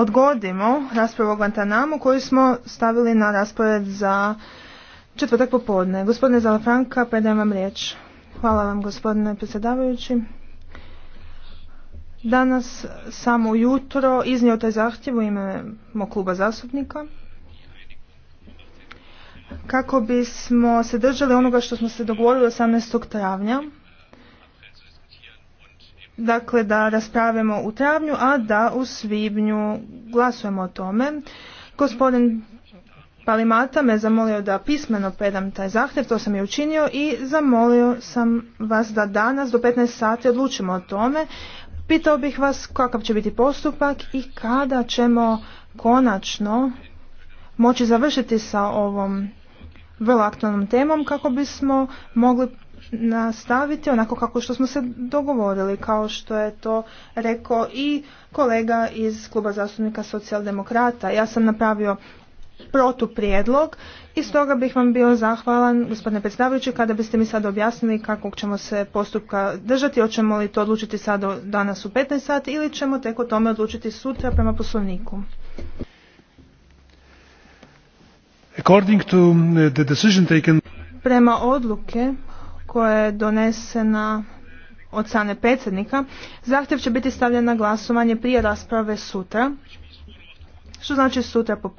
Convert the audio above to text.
odgodimo raspravu o Guantanamu koju smo stavili na raspored za četvrtak popodne. Gospodine Zalafranka, predajem vam riječ. Hvala vam gospodine predsjedavajući. Danas samo jutro, iznio taj zahtjev u ime mog kluba zastupnika kako bismo se držali onoga što smo se dogovorili 18. travnja dakle da raspravimo u travnju, a da u svibnju glasujemo o tome. Gospodin Palimata me zamolio da pismeno predam taj zahtjev, to sam i učinio i zamolio sam vas da danas do 15 sati odlučimo o tome. Pitao bih vas kakav će biti postupak i kada ćemo konačno moći završiti sa ovom vrlo aktualnom temom kako bismo mogli nastaviti onako kako što smo se dogovorili, kao što je to rekao i kolega iz kluba zastupnika socijaldemokrata. Ja sam napravio protuprijedlog i stoga bih vam bio zahvalan, gospodine predstavljajući, kada biste mi sad objasnili kakvog ćemo se postupka držati, hoćemo li to odlučiti sad danas u 15 sati ili ćemo tek o tome odlučiti sutra prema poslovniku. According to uh, the decision taken... Prema odluke koja je donesena od strane predsjednika, zahtjev će biti stavljen na glasovanje prije rasprave sutra, što znači sutra po